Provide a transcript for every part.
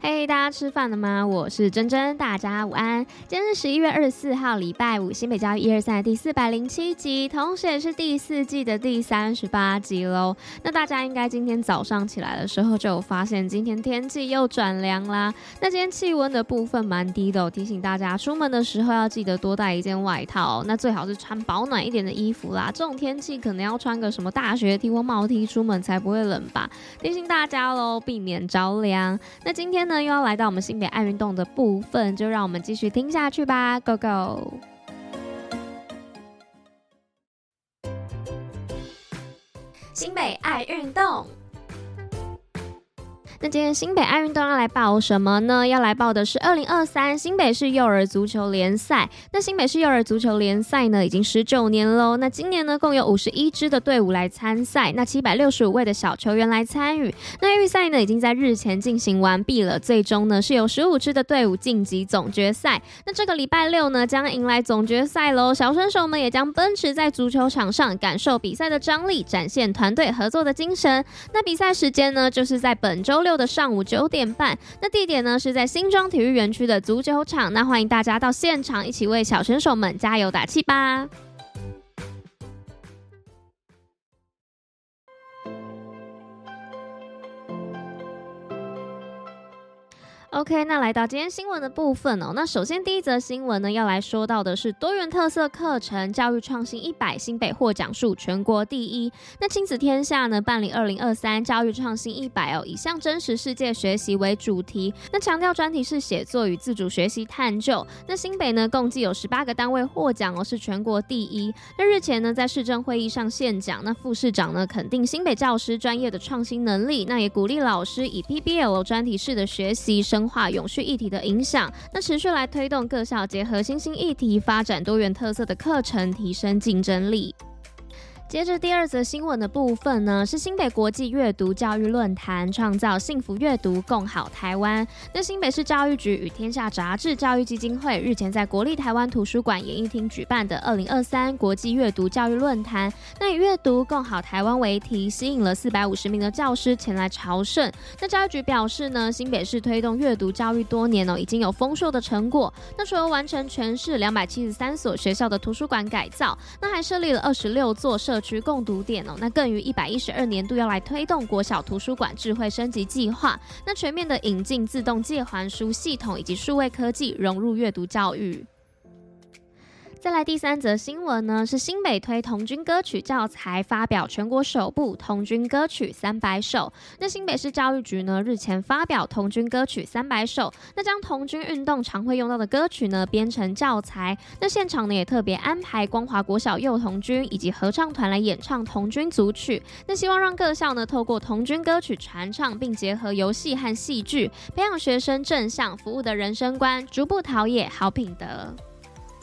嘿，hey, 大家吃飯了嗎？我是珍珍，大家午安。今天是十一月二十四號，禮拜五，新北教育一二三的第四百零七集，同時也是第四季的第三十八集嘍。那大家應該今天早上起來的時候就有發現，今天天氣又轉涼啦。那今天氣溫的部分蠻低的，提醒大家出門的時候要記得多帶一件外套，那最好是穿保暖一點的衣服啦。這種天氣可能要穿個什麼大學 T 或帽 T 出門才不會冷吧？提醒大家嘍，避免着涼。那今天。呢，又要來到我們新北愛運動的部分，就讓我們繼續聽下去吧，Go Go，新北愛運動。那今天新北愛運動要來報什麼呢？要來報的是二零二三新北市幼兒足球聯賽。那新北市幼兒足球聯賽呢，已經十九年嘍。那今年呢，共有五十一支的隊伍來參賽，那七百六十五位的小球員來參與。那預賽呢，已經在日前進行完畢了。最終呢，是有十五支的隊伍晉級總決賽。那這個禮拜六呢，將迎來總決賽嘍。小選手們也將奔馳在足球場上，感受比賽的張力，展現團隊合作的精神。那比賽時間呢，就是在本周六。六的上午九點半，那地點呢是在新莊體育園區的足球場。那歡迎大家到現場，一起為小選手們加油打氣吧！OK，那來到今天新聞的部分哦。那首先第一則新聞呢，要來說到的是多元特色課程教育創新100，新北獲獎數全國第一。那親子天下呢辦理2023教育創新100哦，以向真實世界學習為主題，那強調專題式寫作與自主學習探究。那新北呢，共計有18個單位獲獎哦，是全國第一。那日前呢，在市政會議上現講，那副市長呢，肯定，新北教師專業的創新能力，那也鼓勵老師以 PBL 專題式的學習生。深化永續議題的影響，那持續來推動各校結合新興議題，發展多元特色的課程，提升競爭力。接着第二則新聞的部分呢，是新北國際閱讀教育論壇，創造幸福閱讀，共好台灣。那新北市教育局與天下雜誌教育基金會日前在國立台灣圖書館演藝廳舉辦的二零二三國際閱讀教育論壇，那以“閱讀共好台灣”為題，吸引了四百五十名的教師前來朝聖。那教育局表示呢，新北市推動閱讀教育多年哦、喔，已經有豐碩的成果。那除了完成全市兩百七十三所學校的圖書館改造，那還設立了二十六座設區共讀點哦，那更於一百一十二年度要來推動國小圖書館智慧升級計劃，那全面的引進自動借還書系統以及數位科技融入閱讀教育。再來第三則新聞呢，是新北推童軍歌曲教材，發表全國首部童軍歌曲三百首。那新北市教育局呢日前發表童軍歌曲三百首，那將童軍運動常會用到的歌曲呢編成教材。那現場呢也特別安排光華國小幼童軍以及合唱團來演唱童軍組曲。那希望讓各校呢透過童軍歌曲傳唱，並結合遊戲和戲劇，培養學生正向服務的人生觀，逐步陶冶好品德。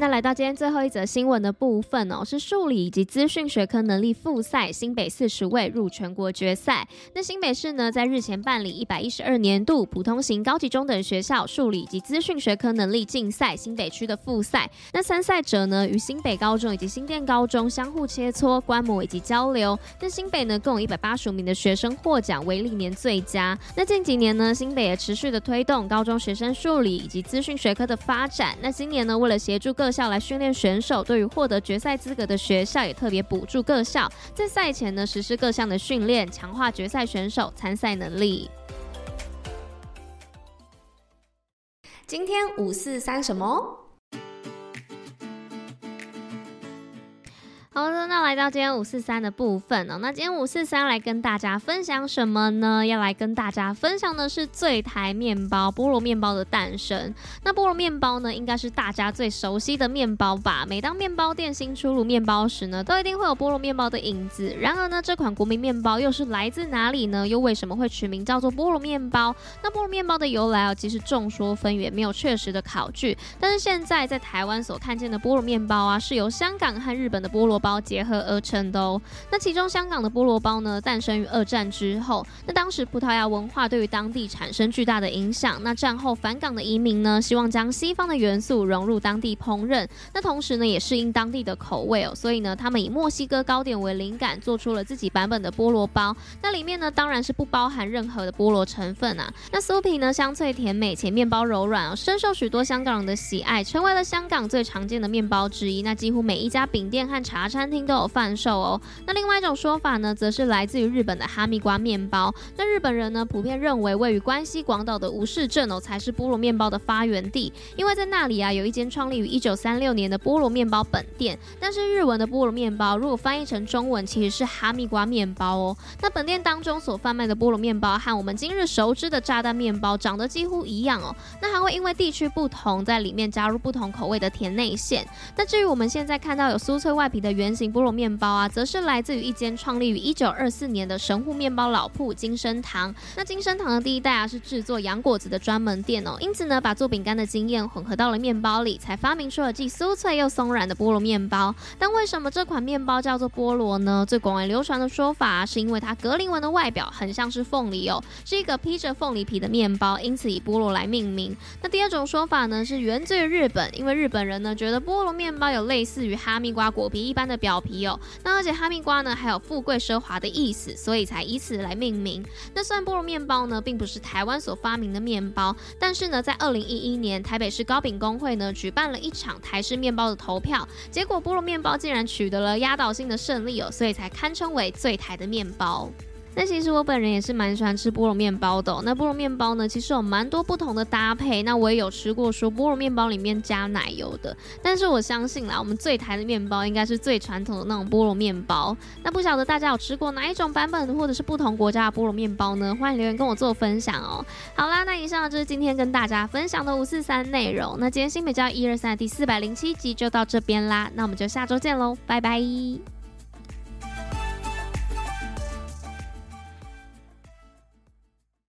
那來到今天最後一則新聞的部分哦，是數理以及資訊學科能力複賽，新北四十位入全國決賽。那新北市呢，在日前辦理一百一十二年度普通型高級中等學校數理以及資訊學科能力競賽新北區的複賽。那參賽者呢，與新北高中以及新店高中相互切磋、觀摩以及交流。那新北呢，共有一百八十名的學生獲獎，為歷年最佳。那近幾年呢，新北也持續的推動高中學生數理以及資訊學科的發展。那今年呢，為了協助各各校來訓練選手，對於獲得決賽資格的學校，也特別補助各校，在賽前呢實施各項的訓練，強化決賽選手參賽能力。今天五四三什麼？好的，那來到今天五四三的部分哦、喔。那今天五四三來跟大家分享什麼呢？要來跟大家分享的是最台麵包，菠蘿麵包的誕生。那菠蘿麵包呢，應該是大家最熟悉的麵包吧。每當麵包店新出爐麵包時呢，都一定會有菠蘿麵包的影子。然而呢，這款國民麵包又是來自哪裡呢？又為什麼會取名叫做菠蘿麵包？那菠蘿麵包的由來啊，其實眾說紛紜，沒有確實的考據。但是現在在台灣所看見的菠蘿麵包啊，是由香港和日本的菠蘿包，結合而成的哦。那其中香港的菠蘿包呢，誕生於二戰之後。那當時葡萄牙文化對於當地產生巨大的影響。那戰後返港的移民呢，希望將西方的元素融入當地烹飪。那同時呢，也適應當地的口味哦。所以呢，他們以墨西哥糕點為靈感，做出了自己版本的菠蘿包。那裡面呢，當然是不包含任何的菠蘿成分啊。那酥皮呢，香脆甜美，且麵包柔軟啊、哦，深受許多香港人的喜愛，成為了香港最常見的麵包之一。那幾乎每一家餅店和茶，茶。餐廳都有販售哦。那另外一種說法呢，則是來自於日本的哈密瓜麵包。那日本人呢，普遍認為位於關西廣島的吳市鎮哦，才是菠蘿麵包的發源地，因為在那裡啊，有一間創立於一九三六年的菠蘿麵包本店。但是日文的菠蘿麵包如果翻譯成中文，其實是哈密瓜麵包哦。那本店當中所販賣的菠蘿麵包和我們今日熟知的炸彈麵包長得幾乎一樣哦。那還會因為地區不同，在裡面加入不同口味的甜內餡。那至於我們現在看到有酥脆外皮的原。圓形菠蘿麵包啊，則是來自於一間創立於一九二四年的神戶麵包老鋪金生堂。那金生堂的第一代啊，是製作洋果子的專門店哦，因此呢，把做餅乾的經驗混合到了麵包裡，才發明出了既酥脆又鬆軟的菠蘿麵包。但為什麼這款麵包叫做菠蘿呢？最廣為流傳的說法啊，是因為它格林紋的外表很像是鳳梨哦，是一個披着鳳梨皮的麵包，因此以菠蘿來命名。那第二種說法呢，是源自於日本，因為日本人呢覺得菠蘿麵包有類似於哈密瓜果皮一般的表皮哦，那而且哈密瓜呢還有富貴奢華的意思，所以才以此來命名。那雖然菠蘿麵包呢並不是台灣所發明的麵包，但是呢在二零一一年台北市糕餅公會呢舉辦了一場台式麵包的投票，結果菠蘿麵包竟然取得了壓倒性的勝利哦，所以才堪稱為最台的麵包。那其實我本人也是蠻喜歡吃菠蘿麵包的哦。那菠蘿麵包呢，其實有蠻多不同的搭配。那我也有吃過說菠蘿麵包裡面加奶油的，但是我相信啦，我們最台的麵包應該是最傳統的那種菠蘿麵包。那不曉得大家有吃過哪一種版本的，或者是不同國家的菠蘿麵包呢？歡迎留言跟我做分享哦。好啦，那以上就是今天跟大家分享的五四三內容。那今天新北教一二三的第四百零七集就到這邊啦。那我們就下周見嘍，拜拜。